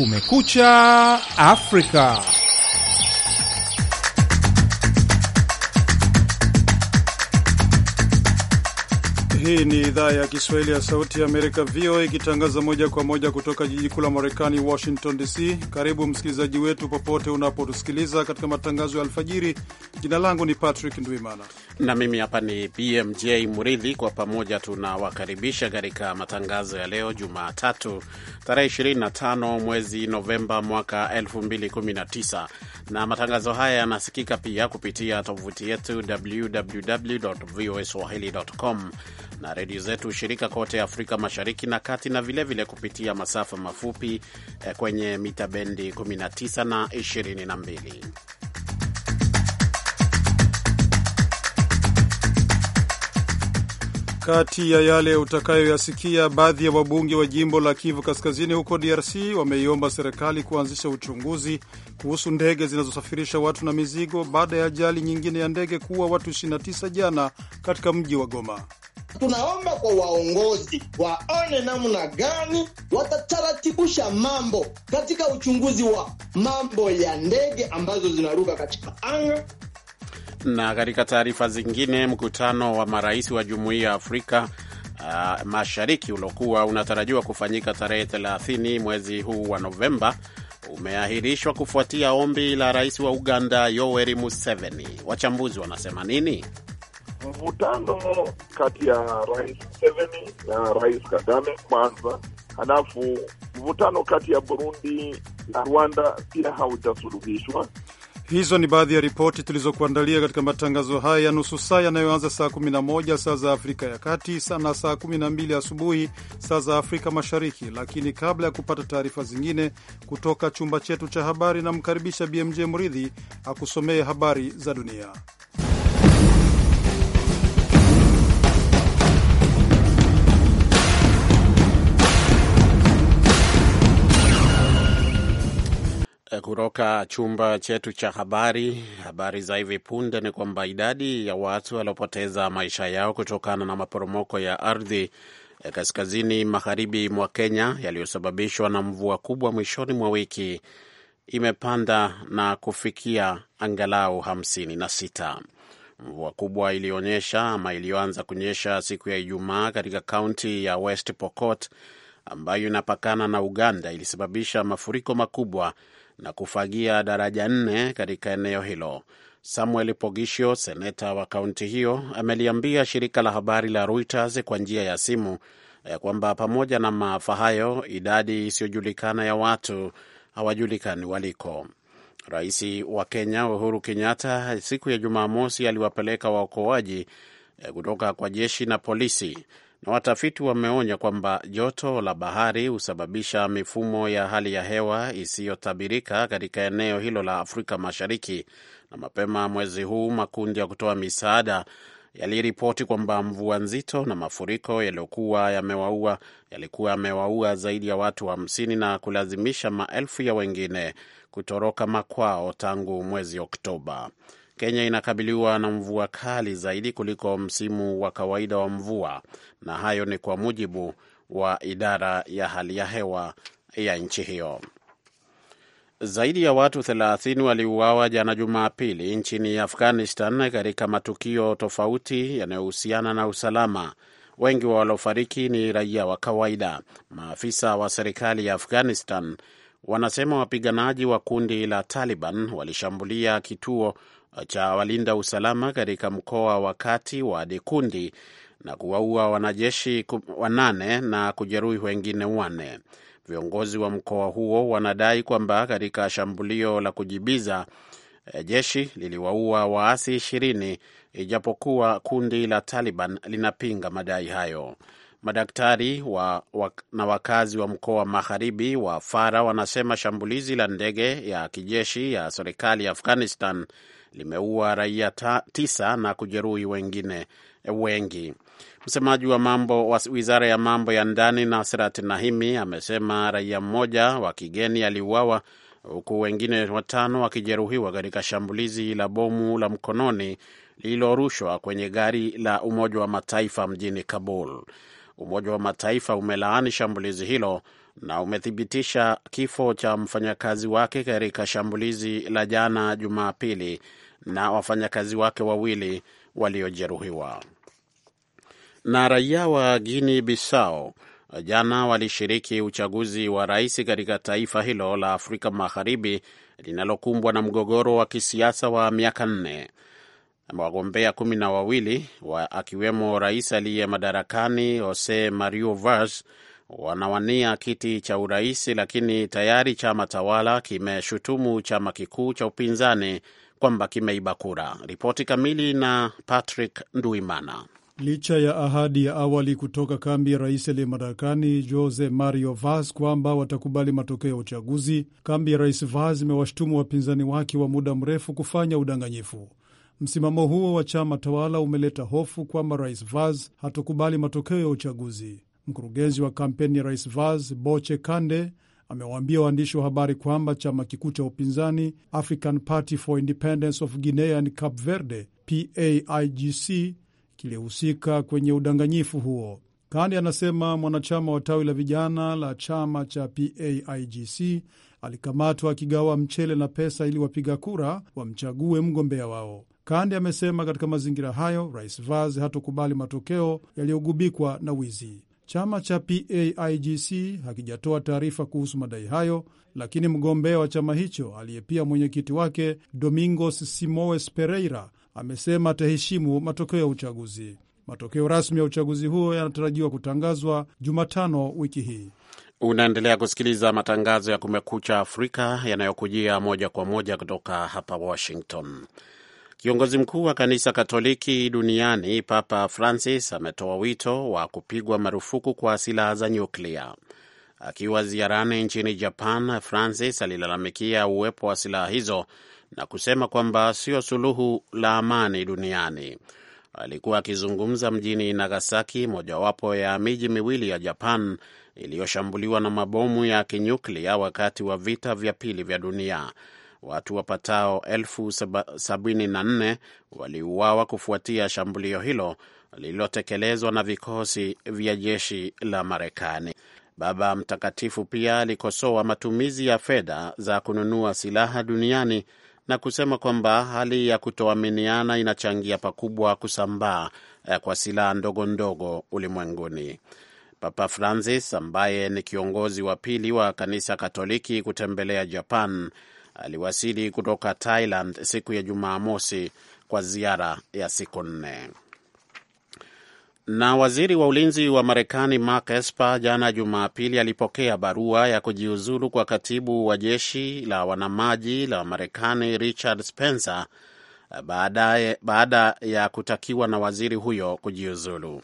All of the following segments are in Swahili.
Kumekucha Afrika. Hii ni idhaa ya Kiswahili ya Sauti ya Amerika, VOA, ikitangaza moja kwa moja kutoka jiji kuu la Marekani, Washington DC. Karibu msikilizaji wetu popote unapotusikiliza katika matangazo ya alfajiri. Jina langu ni Patrick Ndwimana na mimi hapa ni BMJ Muridhi. Kwa pamoja tunawakaribisha katika matangazo ya leo Jumatatu, tarehe 25 mwezi Novemba mwaka 2019, na matangazo haya yanasikika pia kupitia tovuti yetu www voa swahili.com na redio zetu shirika kote Afrika Mashariki na Kati, na vilevile vile kupitia masafa mafupi eh, kwenye mita bendi 19 na 22. Kati ya yale utakayoyasikia, baadhi ya wabunge wa jimbo la Kivu Kaskazini huko DRC wameiomba serikali kuanzisha uchunguzi kuhusu ndege zinazosafirisha watu na mizigo baada ya ajali nyingine ya ndege kuua watu 29 jana katika mji wa Goma. Tunaomba kwa waongozi waone namna gani watataratibusha mambo katika uchunguzi wa mambo ya ndege ambazo zinaruka katika anga. Na katika taarifa zingine, mkutano wa marais wa Jumuiya ya Afrika uh, Mashariki uliokuwa unatarajiwa kufanyika tarehe 30 mwezi huu wa Novemba umeahirishwa kufuatia ombi la rais wa Uganda Yoweri Museveni. Wachambuzi wanasema nini? mvutano kati ya Rais Museveni na Rais Kagame kwanza, halafu mvutano kati ya Burundi na Rwanda pia haujasuluhishwa. Hizo ni baadhi ya ripoti tulizokuandalia katika matangazo haya ya nusu saa yanayoanza saa 11 saa za Afrika ya Kati na saa 12 asubuhi saa za Afrika Mashariki. Lakini kabla ya kupata taarifa zingine kutoka chumba chetu cha habari, namkaribisha BMJ Mridhi akusomee habari za dunia. kutoka chumba chetu cha habari. Habari za hivi punde ni kwamba idadi ya watu waliopoteza maisha yao kutokana na maporomoko ya ardhi ya eh, kaskazini magharibi mwa Kenya yaliyosababishwa na mvua kubwa mwishoni mwa wiki imepanda na kufikia angalau hamsini na sita. Mvua kubwa ilionyesha ama iliyoanza kunyesha siku ya Ijumaa katika kaunti ya West Pokot ambayo inapakana na Uganda ilisababisha mafuriko makubwa na kufagia daraja nne katika eneo hilo. Samuel Pogisho, seneta wa kaunti hiyo, ameliambia shirika la habari la Reuters kwa njia ya simu eh, kwamba pamoja na maafa hayo, idadi isiyojulikana ya watu hawajulikani waliko. Rais wa Kenya Uhuru Kenyatta siku ya Jumamosi aliwapeleka waokoaji eh, kutoka kwa jeshi na polisi na watafiti wameonya kwamba joto la bahari husababisha mifumo ya hali ya hewa isiyotabirika katika eneo hilo la Afrika Mashariki. Na mapema mwezi huu makundi ya kutoa misaada yaliripoti kwamba mvua nzito na mafuriko yaliyokuwa yamewaua yalikuwa yamewaua zaidi ya watu hamsini na kulazimisha maelfu ya wengine kutoroka makwao tangu mwezi Oktoba. Kenya inakabiliwa na mvua kali zaidi kuliko msimu wa kawaida wa mvua, na hayo ni kwa mujibu wa idara ya hali ya hewa ya nchi hiyo. Zaidi ya watu 30 waliuawa jana Jumapili nchini Afghanistan katika matukio tofauti yanayohusiana na usalama. Wengi wa waliofariki ni raia wa kawaida. Maafisa wa serikali ya Afghanistan wanasema wapiganaji wa kundi la Taliban walishambulia kituo cha walinda usalama katika mkoa wa kati wa dikundi na kuwaua wanajeshi wanane na kujeruhi wengine wanne. Viongozi wa mkoa huo wanadai kwamba katika shambulio la kujibiza eh, jeshi liliwaua waasi ishirini ijapokuwa kundi la Taliban linapinga madai hayo. Madaktari wa, wa, na wakazi wa mkoa wa magharibi wa Fara wanasema shambulizi la ndege ya kijeshi ya serikali ya Afghanistan limeua raia tisa na kujeruhi wengine wengi. Msemaji wa mambo wa wizara ya mambo ya ndani Nasrat Nahimi amesema raia mmoja wa kigeni aliuawa huku wengine watano wakijeruhiwa katika shambulizi la bomu la mkononi lililorushwa kwenye gari la Umoja wa Mataifa mjini Kabul. Umoja wa Mataifa umelaani shambulizi hilo na umethibitisha kifo cha mfanyakazi wake katika shambulizi la jana Jumapili na wafanyakazi wake wawili waliojeruhiwa. Na raia wa Guini Bissau jana walishiriki uchaguzi wa rais katika taifa hilo la Afrika Magharibi linalokumbwa na mgogoro wa kisiasa wa miaka nne. Wagombea kumi na wawili wa akiwemo rais aliye madarakani Jose Mario Vaz wanawania kiti cha urais, lakini tayari chama tawala kimeshutumu chama kikuu cha upinzani kwamba kimeiba kura. Ripoti kamili na Patrick Nduimana. Licha ya ahadi ya awali kutoka kambi ya rais aliye madarakani Jose Mario Vaz kwamba watakubali matokeo ya uchaguzi, kambi ya rais Vaz imewashtumu wapinzani wake wa muda mrefu kufanya udanganyifu. Msimamo huo wa chama tawala umeleta hofu kwamba rais Vaz hatokubali matokeo ya uchaguzi. Mkurugenzi wa kampeni ya rais Vaz Boche Kande amewaambia waandishi wa habari kwamba chama kikuu cha upinzani African Party for Independence of Guinea and Cape Verde PAIGC kilihusika kwenye udanganyifu huo. Kande anasema mwanachama wa tawi la vijana la chama cha PAIGC alikamatwa akigawa mchele na pesa ili wapiga kura wamchague mgombea wao. Kande amesema katika mazingira hayo, rais Vaz hatokubali matokeo yaliyogubikwa na wizi. Chama cha PAIGC hakijatoa taarifa kuhusu madai hayo, lakini mgombea wa chama hicho aliyepia mwenyekiti wake Domingos Simoes Pereira amesema ataheshimu matokeo ya uchaguzi. Matokeo rasmi ya uchaguzi huo yanatarajiwa kutangazwa Jumatano wiki hii. Unaendelea kusikiliza matangazo ya Kumekucha Afrika yanayokujia moja kwa moja kutoka hapa Washington. Kiongozi mkuu wa kanisa Katoliki duniani Papa Francis ametoa wito wa kupigwa marufuku kwa silaha za nyuklia. Akiwa ziarani nchini Japan, Francis alilalamikia uwepo wa silaha hizo na kusema kwamba sio suluhu la amani duniani. Alikuwa akizungumza mjini Nagasaki, mojawapo ya miji miwili ya Japan iliyoshambuliwa na mabomu ya kinyuklia wakati wa vita vya pili vya dunia watu wapatao elfu sabini na nne waliuawa kufuatia shambulio hilo lililotekelezwa na vikosi vya jeshi la Marekani. Baba Mtakatifu pia alikosoa matumizi ya fedha za kununua silaha duniani na kusema kwamba hali ya kutoaminiana inachangia pakubwa kusambaa eh, kwa silaha ndogo ndogo ulimwenguni. Papa Francis ambaye ni kiongozi wa pili wa kanisa Katoliki kutembelea Japan aliwasili kutoka Thailand siku ya Jumamosi kwa ziara ya siku nne. Na waziri wa ulinzi wa Marekani Mark Esper jana Jumapili alipokea barua ya kujiuzulu kwa katibu wa jeshi la wanamaji la Marekani Richard Spencer baada ya kutakiwa na waziri huyo kujiuzulu.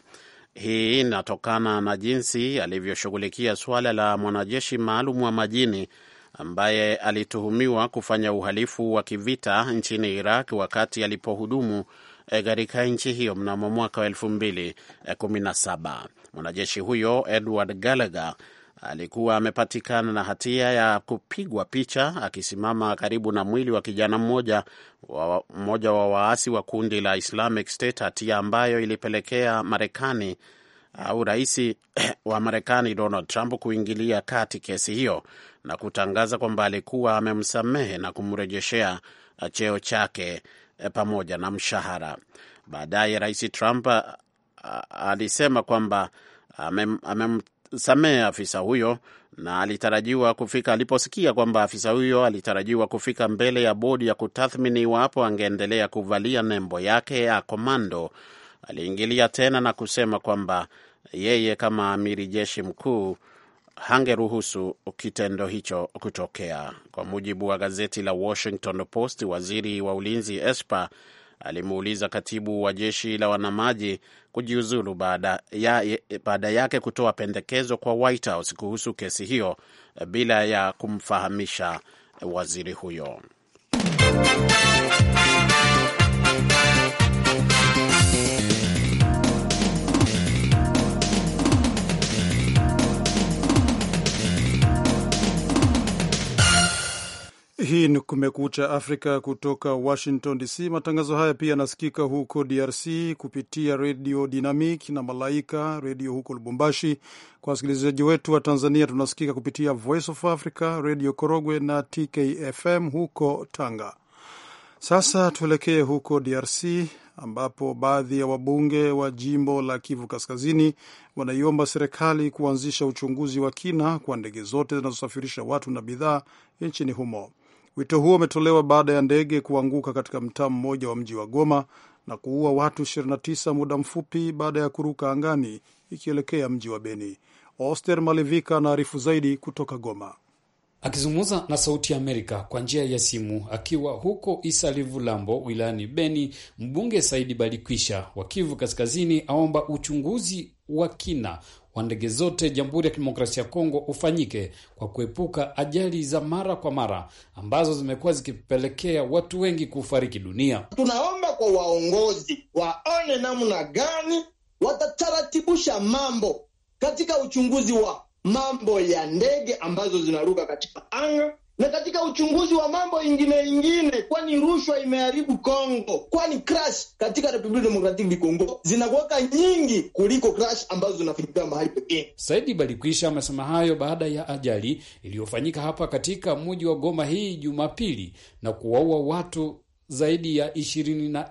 Hii inatokana na jinsi alivyoshughulikia suala la mwanajeshi maalum wa majini ambaye alituhumiwa kufanya uhalifu wa kivita nchini Iraq wakati alipohudumu eh, katika nchi hiyo mnamo mwaka wa 2017. Eh, Mwanajeshi huyo Edward Gallagher alikuwa amepatikana na hatia ya kupigwa picha akisimama karibu na mwili wa kijana mmoja wa, mmoja wa waasi wa kundi la Islamic State, hatia ambayo ilipelekea Marekani au rais wa Marekani Donald Trump kuingilia kati kesi hiyo na kutangaza kwamba alikuwa amemsamehe na kumrejeshea cheo chake eh, pamoja na mshahara. Baadaye rais Trump eh, alisema kwamba amemsamehe afisa huyo na alitarajiwa kufika aliposikia kwamba afisa huyo alitarajiwa kufika mbele ya bodi ya kutathmini iwapo angeendelea kuvalia nembo yake ya komando, aliingilia tena na kusema kwamba yeye kama amiri jeshi mkuu hangeruhusu kitendo hicho kutokea. Kwa mujibu wa gazeti la Washington Post, waziri wa ulinzi Esper alimuuliza katibu wa jeshi la wanamaji kujiuzulu baada ya, baada yake kutoa pendekezo kwa White House kuhusu kesi hiyo bila ya kumfahamisha waziri huyo. Hii ni Kumekucha Afrika kutoka Washington DC. Matangazo haya pia yanasikika huko DRC kupitia Redio Dynamic na Malaika Redio huko Lubumbashi. Kwa wasikilizaji wetu wa Tanzania, tunasikika kupitia Voice of Africa, Redio Korogwe na TKFM huko Tanga. Sasa tuelekee huko DRC ambapo baadhi ya wabunge wa jimbo la Kivu Kaskazini wanaiomba serikali kuanzisha uchunguzi wa kina kwa ndege zote zinazosafirisha watu na bidhaa nchini humo. Wito huo umetolewa baada ya ndege kuanguka katika mtaa mmoja wa mji wa Goma na kuua watu 29 muda mfupi baada ya kuruka angani ikielekea mji wa Beni. Oster Malivika anaarifu zaidi kutoka Goma. Akizungumza na Sauti ya Amerika kwa njia ya simu akiwa huko Isalivu Lambo wilayani Beni, mbunge Saidi Balikwisha wa Kivu Kaskazini aomba uchunguzi wa kina wa ndege zote Jamhuri ya Kidemokrasia ya Kongo ufanyike kwa kuepuka ajali za mara kwa mara ambazo zimekuwa zikipelekea watu wengi kufariki dunia. Tunaomba kwa waongozi waone namna gani watataratibusha mambo katika uchunguzi wa mambo ya ndege ambazo zinaruka katika anga na katika uchunguzi wa mambo ingine ingine, kwani rushwa imeharibu Kongo, kwani crash katika Republic Democratic du Congo zinakuweka nyingi kuliko crash ambazo zinafanyika mahali pekee. Saidi Balikwisha amesema hayo baada ya ajali iliyofanyika hapa katika mji wa Goma hii Jumapili na kuwaua watu zaidi ya ishirini na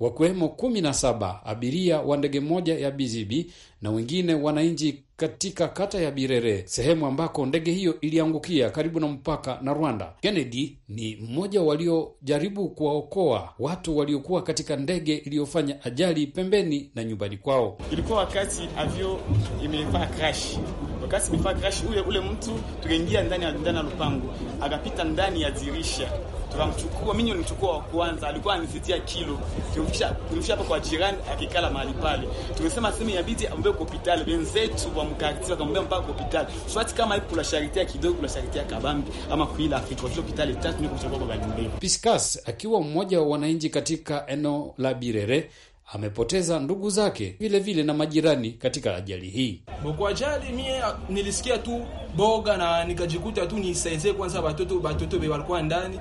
wakiwemo kumi na saba abiria wa ndege moja ya Bizibi na wengine wananchi katika kata ya Birere, sehemu ambako ndege hiyo iliangukia karibu na mpaka na Rwanda. Kennedy ni mmoja waliojaribu kuwaokoa watu waliokuwa katika ndege iliyofanya ajali pembeni na nyumbani kwao. Ilikuwa wakati avyo imefanya crash, wakati imefanya crash, ule ule mtu tukaingia ndani ya lupango, akapita ndani ya dirisha tukamchukua mimi nilimchukua wa kwanza, alikuwa anizitia kilo, tumfikisha tumfikisha hapa kwa jirani, akikala mahali pale. Tumesema sema inabidi ambe kwa hospitali, wenzetu wa mkakati wakamwambia mpaka kwa hospitali, swati kama ipo la charité kidogo, la charité kabambi ama kuila afi kwa hospitali tatu, ni kuchukua kwa Balimbei. Piscas akiwa mmoja wa wananchi katika eneo la Birere amepoteza ndugu zake vile vile na majirani katika ajali hii. Kwa ajali mie nilisikia tu boga na nikajikuta tu nisaize kwanza, watoto watoto be walikuwa ndani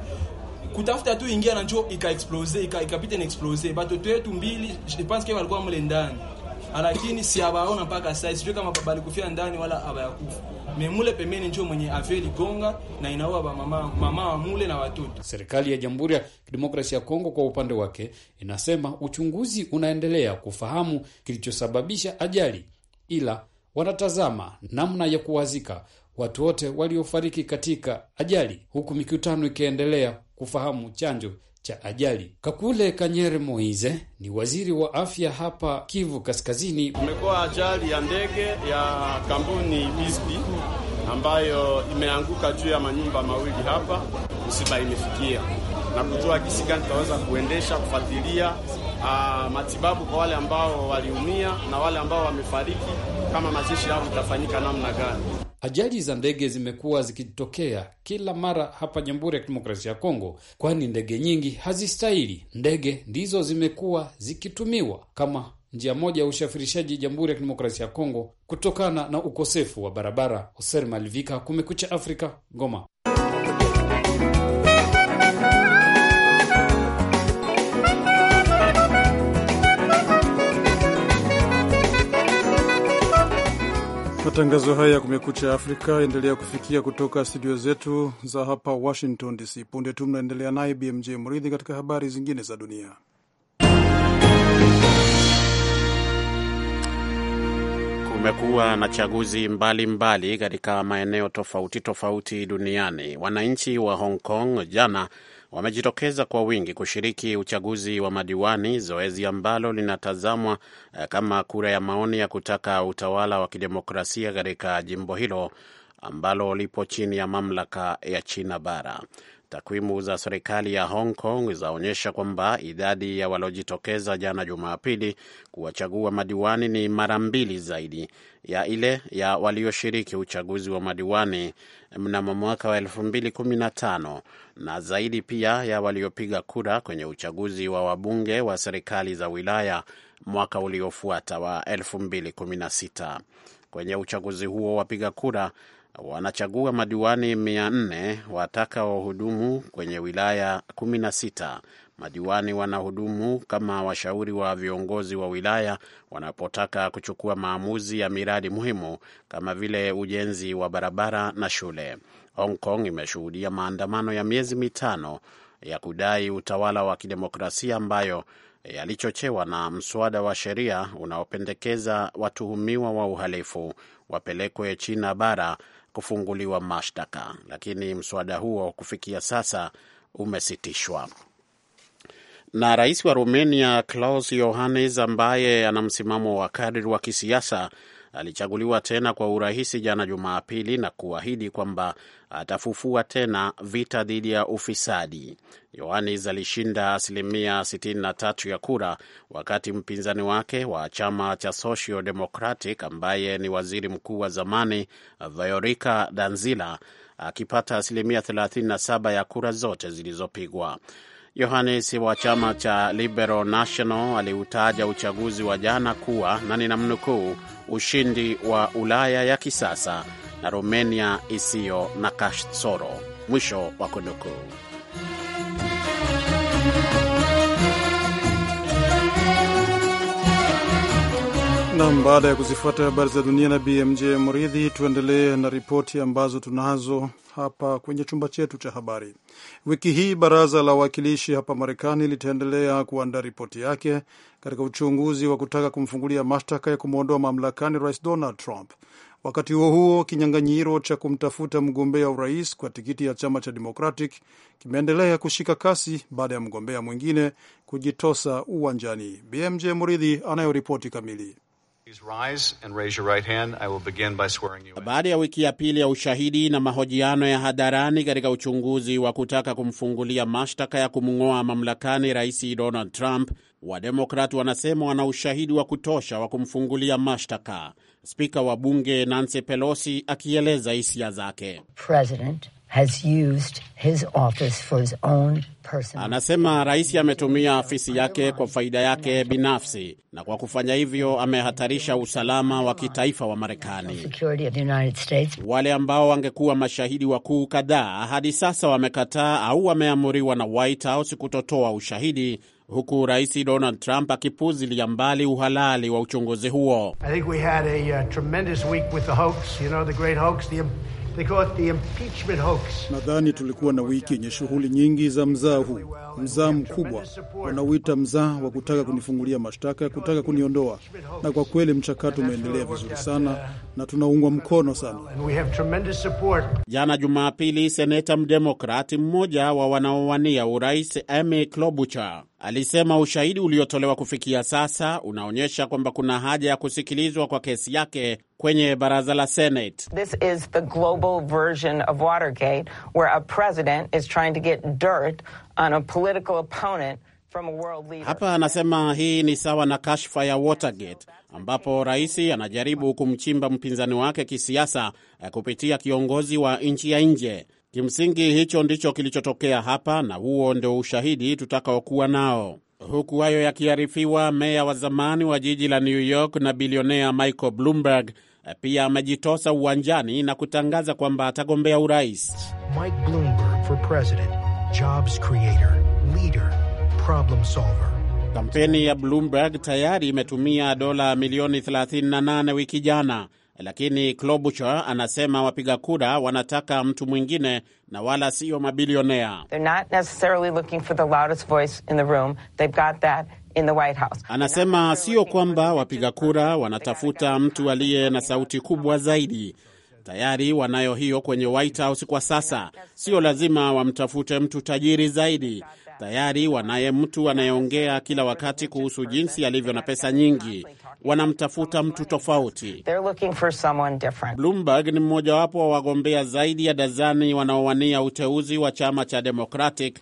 kutafuta tu ingia na njoo ika explose ika ikapita na explose batoto yetu mbili je pense que walikuwa mle ndani lakini si abaona mpaka sasa sio kama baba alikufia ndani wala abayakufa mule pembeni njoo mwenye aveli gonga na inaua ba mama mama wa mule na watoto. Serikali ya Jamhuri ya Kidemokrasia ya Kongo kwa upande wake inasema uchunguzi unaendelea kufahamu kilichosababisha ajali, ila wanatazama namna ya kuwazika watu wote waliofariki katika ajali, huku mikutano ikiendelea kufahamu chanjo cha ajali. Kakule Kanyere moise ni waziri wa afya hapa Kivu Kaskazini. Kumekuwa ajali ya ndege ya kampuni Bisbi ambayo imeanguka juu ya manyumba mawili hapa, msiba imefikia na kujua kisi gani tutaweza kuendesha kufuatilia Uh, matibabu kwa wale ambao waliumia na wale ambao wamefariki, kama mazishi yao itafanyika namna gani. Ajali za ndege zimekuwa zikitokea kila mara hapa Jamhuri ya Kidemokrasia ya Kongo, kwani ndege nyingi hazistahili. Ndege ndizo zimekuwa zikitumiwa kama njia moja ya ushafirishaji Jamhuri ya Kidemokrasia ya Kongo kutokana na ukosefu wa barabara. Hoser Malivika, Kumekucha Afrika, Goma. Matangazo haya ya Kumekucha Afrika endelea kufikia kutoka studio zetu za hapa Washington DC. Punde tu mnaendelea naye BMJ Mridhi katika habari zingine za dunia. Kumekuwa na chaguzi mbalimbali katika maeneo tofauti tofauti duniani. Wananchi wa Hong Kong jana wamejitokeza kwa wingi kushiriki uchaguzi wa madiwani, zoezi ambalo linatazamwa eh, kama kura ya maoni ya kutaka utawala wa kidemokrasia katika jimbo hilo ambalo lipo chini ya mamlaka ya China bara. Takwimu za serikali ya Hong Kong zaonyesha kwamba idadi ya waliojitokeza jana Jumapili kuwachagua madiwani ni mara mbili zaidi ya ile ya walioshiriki uchaguzi wa madiwani mnamo mwaka wa 2015 na zaidi pia ya waliopiga kura kwenye uchaguzi wa wabunge wa serikali za wilaya mwaka uliofuata wa 2016. Kwenye uchaguzi huo wapiga kura wanachagua madiwani 4 wataka wahudumu kwenye wilaya 16. Madiwani wanahudumu kama washauri wa viongozi wa wilaya wanapotaka kuchukua maamuzi ya miradi muhimu kama vile ujenzi wa barabara na shule. Hong Kong imeshuhudia maandamano ya miezi mitano ya kudai utawala wa kidemokrasia ambayo yalichochewa na mswada wa sheria unaopendekeza watuhumiwa wa uhalifu wapelekwe China bara kufunguliwa mashtaka, lakini mswada huo kufikia sasa umesitishwa. Na rais wa rumenia Klaus Yohannis, ambaye ana msimamo wa kadri wa kisiasa, alichaguliwa tena kwa urahisi jana Jumapili na kuahidi kwamba atafufua tena vita dhidi ya ufisadi. Yoanis alishinda asilimia 63 ya kura, wakati mpinzani wake wa chama cha Social Democratic ambaye ni waziri mkuu wa zamani Viorica Danzila akipata asilimia 37 ya kura zote zilizopigwa. Yohannes wa chama cha Liberal National aliutaja uchaguzi wa jana kuwa na ninamnukuu, ushindi wa Ulaya ya kisasa na Romania isiyo na kasoro, mwisho wa kunukuu. Nam, baada ya kuzifuata habari za dunia na BMJ Mridhi, tuendelee na ripoti ambazo tunazo hapa kwenye chumba chetu cha habari. Wiki hii baraza la wawakilishi hapa Marekani litaendelea kuandaa ripoti yake katika uchunguzi wa kutaka kumfungulia mashtaka ya kumwondoa mamlakani Rais Donald Trump. Wakati huo huo, kinyang'anyiro cha kumtafuta mgombea urais kwa tikiti ya chama cha Democratic kimeendelea kushika kasi baada ya mgombea mwingine kujitosa uwanjani. BMJ Mridhi anayoripoti kamili. Baada ya wiki ya pili ya ushahidi na mahojiano ya hadharani katika uchunguzi wa kutaka kumfungulia mashtaka ya kumng'oa mamlakani Rais Donald Trump, Wademokrat wanasema wana ushahidi wa kutosha wa kumfungulia mashtaka. Spika wa bunge Nancy Pelosi akieleza hisia zake President has used his office for his own personal. Anasema rais ametumia afisi yake kwa faida yake binafsi na kwa kufanya hivyo amehatarisha usalama wa kitaifa wa Marekani. Wale ambao wangekuwa mashahidi wakuu kadhaa hadi sasa wamekataa au wameamuriwa na White House kutotoa ushahidi huku Rais Donald Trump akipuzilia mbali uhalali wa uchunguzi huo. I think we had a, uh, They call it the impeachment hoax. Nadhani tulikuwa na wiki yenye shughuli nyingi za mzaa huu mzaa mkubwa wanauita mzaa wa kutaka kunifungulia mashtaka ya kutaka kuniondoa, na kwa kweli mchakato umeendelea vizuri sana na tunaungwa mkono sana. Jana Jumapili, seneta mdemokrati mmoja wa wanaowania urais Amy Klobuchar alisema ushahidi uliotolewa kufikia sasa unaonyesha kwamba kuna haja ya kusikilizwa kwa kesi yake kwenye baraza la Senate. This is the global version of Watergate where a president is trying to get dirt on a political opponent from a world leader. Hapa anasema hii ni sawa na kashfa ya Watergate ambapo rais anajaribu kumchimba mpinzani wake kisiasa eh, kupitia kiongozi wa nchi ya nje. Kimsingi hicho ndicho kilichotokea hapa, na huo ndio ushahidi tutakaokuwa nao. Huku hayo yakiarifiwa, meya wa zamani wa jiji la New York na bilionea Michael Bloomberg eh, pia amejitosa uwanjani na kutangaza kwamba atagombea urais. Mike Bloomberg for president jobs creator, leader, problem solver. Kampeni ya Bloomberg tayari imetumia dola milioni 38 wiki jana, lakini Klobuchar anasema wapiga kura wanataka mtu mwingine na wala siyo mabilionea. Anasema sio kwamba wapiga kura wanatafuta mtu aliye na sauti kubwa zaidi Tayari wanayo hiyo kwenye White House kwa sasa. Sio lazima wamtafute mtu tajiri zaidi. Tayari wanaye mtu anayeongea kila wakati kuhusu jinsi alivyo na pesa nyingi wanamtafuta mtu tofauti. Bloomberg ni mmojawapo wa wagombea zaidi ya dazani wanaowania uteuzi wa chama cha Democratic,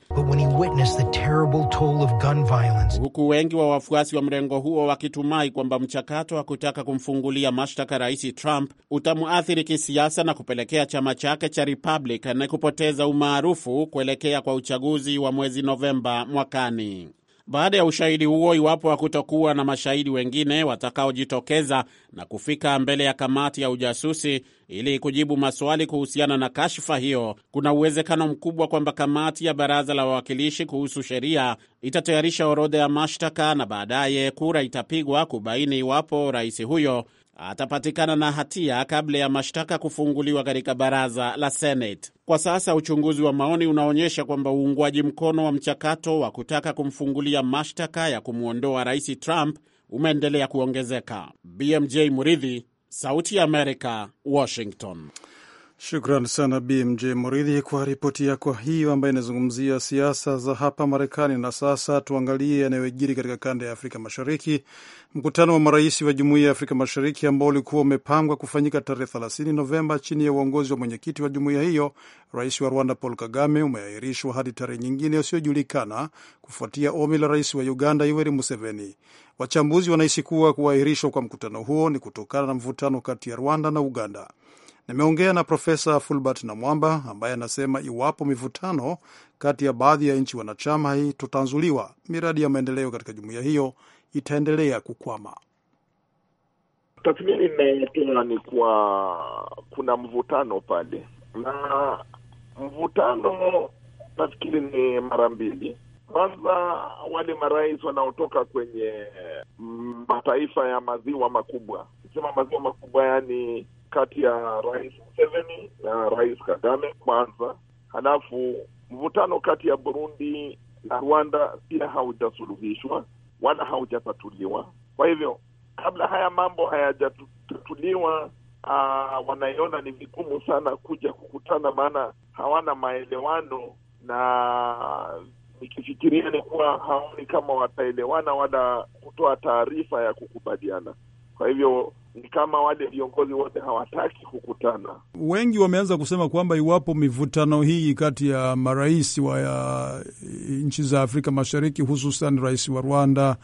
huku wengi wa wafuasi wa mrengo huo wakitumai kwamba mchakato wa kutaka kumfungulia mashtaka Rais Trump utamwathiri kisiasa na kupelekea chama chake cha Republican kupoteza umaarufu kuelekea kwa uchaguzi wa mwezi Novemba mwakani. Baada ya ushahidi huo, iwapo hakutakuwa na mashahidi wengine watakaojitokeza na kufika mbele ya kamati ya ujasusi ili kujibu maswali kuhusiana na kashfa hiyo, kuna uwezekano mkubwa kwamba kamati ya baraza la wawakilishi kuhusu sheria itatayarisha orodha ya mashtaka na baadaye kura itapigwa kubaini iwapo rais huyo atapatikana na hatia kabla ya mashtaka kufunguliwa katika baraza la Senate. Kwa sasa uchunguzi wa maoni unaonyesha kwamba uungwaji mkono wa mchakato wa kutaka kumfungulia mashtaka ya kumwondoa rais Trump umeendelea kuongezeka. BMJ Muridhi, Sauti ya Amerika, Washington. Shukran sana BMJ Moridhi kwa ripoti yako hiyo ambayo inazungumzia siasa za hapa Marekani. Na sasa tuangalie yanayojiri katika kanda ya Afrika Mashariki. Mkutano wa marais wa Jumuiya ya Afrika Mashariki ambao ulikuwa umepangwa kufanyika tarehe 30 Novemba chini ya uongozi wa mwenyekiti wa jumuiya hiyo, Rais wa Rwanda Paul Kagame, umeahirishwa hadi tarehe nyingine isiyojulikana kufuatia ombi la Rais wa Uganda Yoweri Museveni. Wachambuzi wanahisi kuwa kuahirishwa kwa mkutano huo ni kutokana na mvutano kati ya Rwanda na Uganda. Nimeongea na Profesa Fulbert Namwamba ambaye anasema iwapo mivutano kati ya baadhi ya nchi wanachama hii tutanzuliwa, miradi ya maendeleo katika jumuiya hiyo itaendelea kukwama. Tathmini inayotoa ni kuwa kuna mvutano pale, na mvutano nafikiri ni mara mbili. Kwanza wale marais wanaotoka kwenye mataifa ya maziwa makubwa, sema maziwa makubwa, yani kati ya Rais Museveni na Rais Kagame kwanza, halafu mvutano kati ya Burundi na Rwanda pia haujasuluhishwa wala haujatatuliwa. Kwa hivyo kabla haya mambo hayajatatuliwa, uh, wanaiona ni vigumu sana kuja kukutana, maana hawana maelewano, na nikifikiria ni kuwa haoni kama wataelewana wala kutoa taarifa ya kukubaliana. Kwa hivyo ni kama wale viongozi wote hawataki kukutana. Wengi wameanza kusema kwamba iwapo mivutano hii kati ya marais wa nchi za Afrika Mashariki, hususan rais wa Rwanda,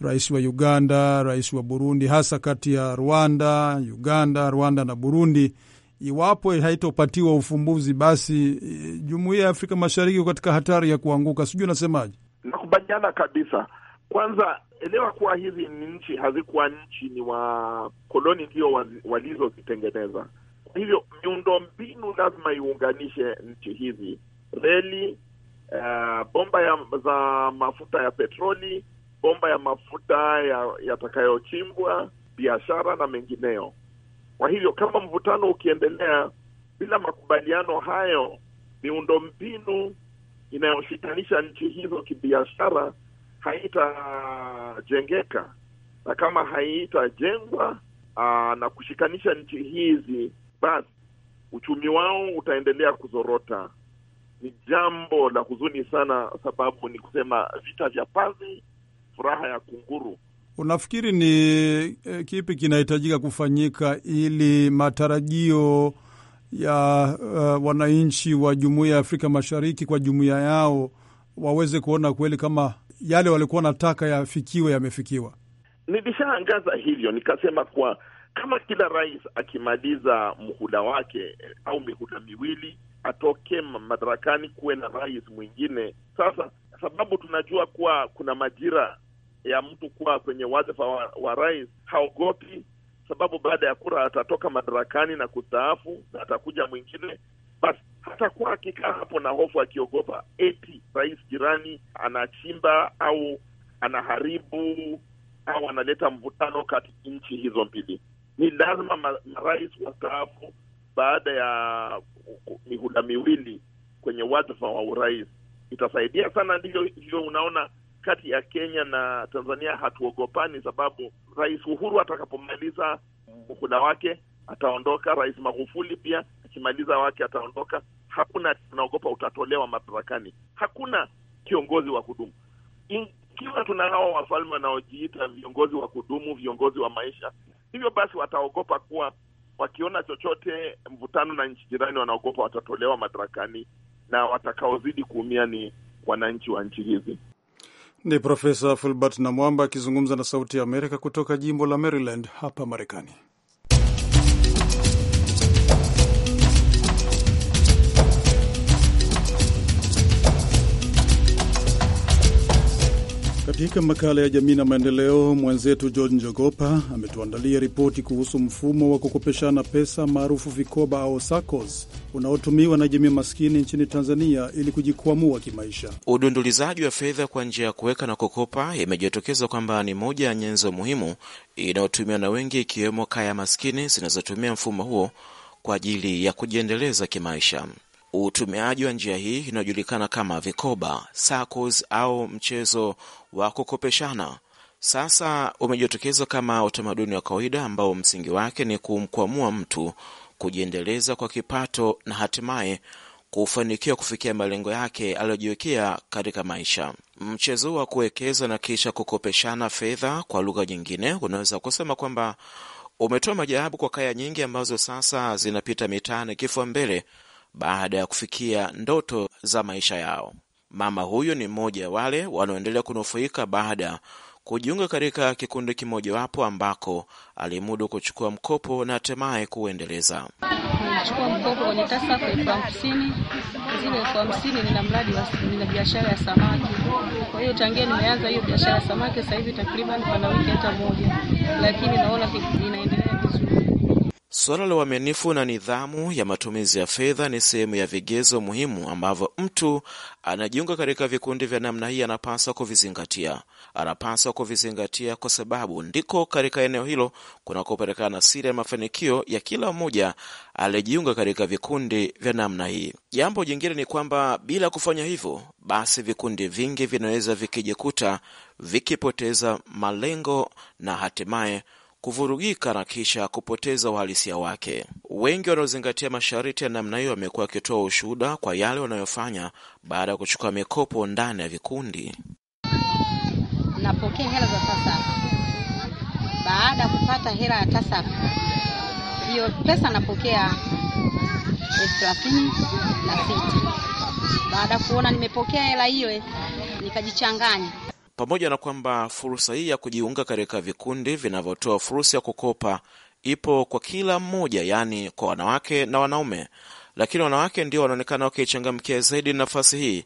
rais wa Uganda, rais wa Burundi, hasa kati ya Rwanda, Uganda, Rwanda na Burundi, iwapo haitopatiwa ufumbuzi, basi eh, jumuiya ya Afrika Mashariki katika hatari ya kuanguka. Sijui unasemaje? Nakubaliana kabisa. Kwanza elewa kuwa hizi nchi hazikuwa nchi, ni wakoloni ndio walizozitengeneza. Kwa hivyo miundo mbinu lazima iunganishe nchi hizi, reli, uh, bomba ya, za mafuta ya petroli, bomba ya mafuta yatakayochimbwa, ya biashara na mengineyo. Kwa hivyo kama mvutano ukiendelea bila makubaliano hayo, miundo mbinu inayoshikanisha nchi hizo kibiashara haitajengeka na kama haitajengwa ah, na kushikanisha nchi hizi, basi uchumi wao utaendelea kuzorota. Ni jambo la huzuni sana, sababu ni kusema vita vya pazi furaha ya kunguru. Unafikiri ni e, kipi kinahitajika kufanyika ili matarajio ya uh, wananchi wa jumuia ya Afrika Mashariki kwa jumuia yao waweze kuona kweli kama yale walikuwa wanataka yafikiwe yamefikiwa. Nilishaangaza hivyo nikasema kuwa kama kila rais akimaliza muhula wake eh, au mihula miwili atoke madarakani, kuwe na rais mwingine. Sasa sababu tunajua kuwa kuna majira ya mtu kuwa kwenye wadhifa wa, wa rais, haogopi sababu baada ya kura atatoka madarakani na kustaafu, na atakuja mwingine basi kuwa akikaa hapo na hofu akiogopa eti rais jirani anachimba au anaharibu au analeta mvutano kati nchi hizo mbili. Ni lazima marais wastaafu baada ya mihula miwili kwenye wadhifa wa urais itasaidia sana. Ndivyo hivyo, unaona kati ya Kenya na Tanzania hatuogopani, sababu Rais Uhuru atakapomaliza muhula wake ataondoka. Rais Magufuli pia akimaliza wake ataondoka. Hakuna tunaogopa utatolewa madarakani, hakuna kiongozi wa kudumu. Ikiwa tuna hawa wafalme wanaojiita viongozi wa kudumu, viongozi wa maisha, hivyo basi wataogopa kuwa wakiona chochote mvutano na nchi jirani, wanaogopa watatolewa madarakani, na watakaozidi kuumia ni wananchi wa nchi hizi. Ni Profesa Fulbert Namwamba akizungumza na Sauti ya Amerika kutoka jimbo la Maryland hapa Marekani. Katika makala ya jamii na maendeleo, mwenzetu George Njogopa ametuandalia ripoti kuhusu mfumo wa kukopeshana pesa maarufu vikoba au SACCOS unaotumiwa na jamii maskini nchini Tanzania ili kujikwamua kimaisha. Udundulizaji wa fedha kwa njia ya kuweka na kukopa imejitokeza kwamba ni moja ya nyenzo muhimu inayotumiwa na wengi, ikiwemo kaya maskini zinazotumia mfumo huo kwa ajili ya kujiendeleza kimaisha. Utumiaji wa njia hii inayojulikana kama vikoba, SACCOS au mchezo wa kukopeshana sasa umejitokeza kama utamaduni wa kawaida ambao msingi wake ni kumkwamua mtu kujiendeleza kwa kipato na hatimaye kufanikiwa kufikia malengo yake aliyojiwekea katika maisha. Mchezo wa kuwekeza na kisha kukopeshana fedha, kwa lugha nyingine, unaweza kusema kwamba umetoa majawabu kwa kaya nyingi ambazo sasa zinapita mitaani kifua mbele baada ya kufikia ndoto za maisha yao. Mama huyu ni mmoja wale wanaoendelea kunufaika baada kujiunga katika kikundi kimojawapo ambako alimudu kuchukua mkopo na hatimaye kuuendeleza. Nachukua mkopo kwenye TASAF elfu hamsini. Zile elfu hamsini nina mradi wa nina biashara ya samaki, kwa hiyo tangia nimeanza hiyo biashara ya samaki sasa hivi takriban pana wiki hata moja, lakini naona inaendelea vizuri. Suala la uaminifu na nidhamu ya matumizi ya fedha ni sehemu ya vigezo muhimu ambavyo mtu anajiunga katika vikundi vya namna hii anapaswa kuvizingatia. Anapaswa kuvizingatia kwa sababu ndiko katika eneo hilo kunakopatikana siri ya mafanikio ya kila mmoja aliyejiunga katika vikundi vya namna hii. Jambo jingine ni kwamba bila kufanya hivyo, basi vikundi vingi vinaweza vikijikuta vikipoteza malengo na hatimaye kuvurugika na kisha kupoteza uhalisia wake. Wengi wanaozingatia masharti ya namna hiyo wamekuwa wakitoa ushuhuda kwa yale wanayofanya baada ya kuchukua mikopo ndani ya vikundi. Napokea hela za TASAFU baada ya kupata hela ya tasa hiyo pesa napokea elfu thelathini na sita baada ya kuona nimepokea hela hiyo nikajichanganya pamoja na kwamba fursa hii ya kujiunga katika vikundi vinavyotoa fursa ya kukopa ipo kwa kila mmoja, yaani kwa wanawake na wanaume, lakini wanawake ndio wanaonekana wakiichangamkia zaidi nafasi hii,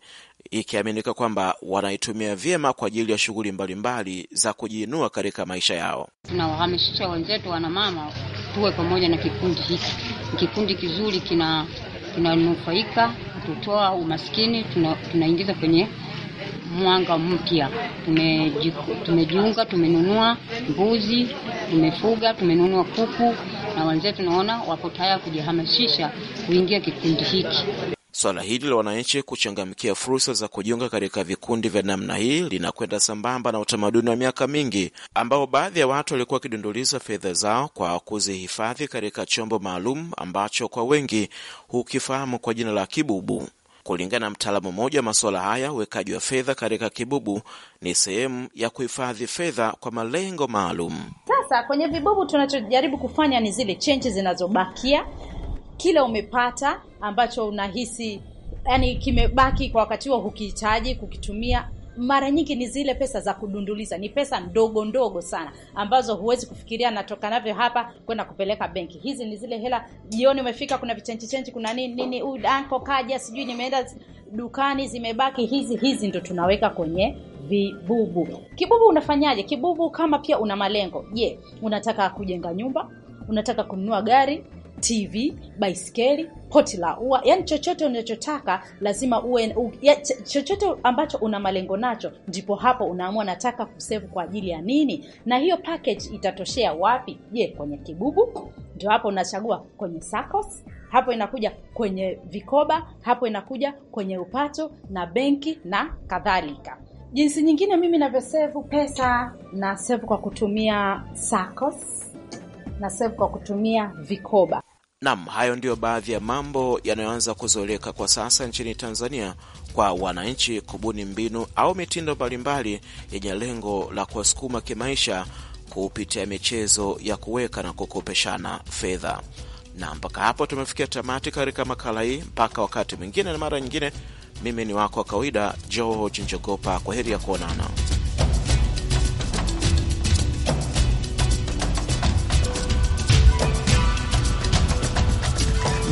ikiaminika kwamba wanaitumia vyema kwa ajili ya shughuli mbalimbali za kujiinua katika maisha yao. Tunawahamasisha wenzetu wanamama tuwe pamoja na kikundi hiki, kikundi kizuri, kinanufaika kina kututoa umaskini, tunaingiza tuna kwenye mwanga mpya. tumejiunga, tumenunua mbuzi, tumefuga, tumenunua kuku na wenzetu naona wapo tayari kujihamasisha kuingia kikundi hiki. Swala hili la wananchi kuchangamkia fursa za kujiunga katika vikundi vya namna hii linakwenda sambamba na utamaduni wa miaka mingi, ambapo baadhi ya watu walikuwa wakidunduliza fedha zao kwa kuzihifadhi katika chombo maalum ambacho kwa wengi hukifahamu kwa jina la kibubu. Kulingana na mtaalamu mmoja wa masuala haya, uwekaji wa fedha katika kibubu ni sehemu ya kuhifadhi fedha kwa malengo maalum. Sasa kwenye vibubu tunachojaribu kufanya ni zile chenji zinazobakia, kila umepata ambacho unahisi yani kimebaki kwa wakati huo hukihitaji kukitumia, mara nyingi ni zile pesa za kudunduliza, ni pesa ndogo ndogo sana ambazo huwezi kufikiria natoka navyo hapa kwenda kupeleka benki. Hizi ni zile hela, jioni umefika, kuna vichenji chenji, kuna nini nini, danko kaja, sijui nimeenda dukani, zimebaki hizi. Hizi ndo tunaweka kwenye vibubu. Kibubu unafanyaje? Kibubu kama pia una malengo, je, unataka kujenga nyumba, unataka kununua gari TV, baiskeli, poti la ua, yani chochote unachotaka lazima uwe ya, chochote ambacho una malengo nacho, ndipo hapo unaamua nataka kusevu kwa ajili ya nini, na hiyo package itatoshea wapi? Je, kwenye kibubu? Ndio hapo unachagua kwenye sacos hapo inakuja kwenye vikoba, hapo inakuja kwenye upato na benki na kadhalika. Jinsi nyingine mimi navyosevu pesa, na sevu kwa kutumia sacos na sevu kwa kutumia vikoba. Nam, hayo ndiyo baadhi ya mambo yanayoanza kuzoleka kwa sasa nchini Tanzania kwa wananchi kubuni mbinu au mitindo mbalimbali yenye lengo la kuwasukuma kimaisha kupitia michezo ya kuweka na kukopeshana fedha. Na mpaka hapo tumefikia tamati katika makala hii. Mpaka wakati mwingine na mara nyingine, mimi ni wako wa kawaida George Njogopa. Kwa heri ya kuonana.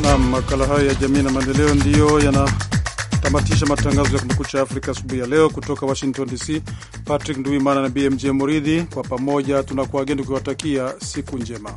Naam, makala haya ya jamii na maendeleo ndiyo yanatamatisha matangazo ya Kumekucha Afrika asubuhi ya leo kutoka Washington DC. Patrick Nduimana na BMJ muridhi kwa pamoja tunakuageni tukiwatakia siku njema.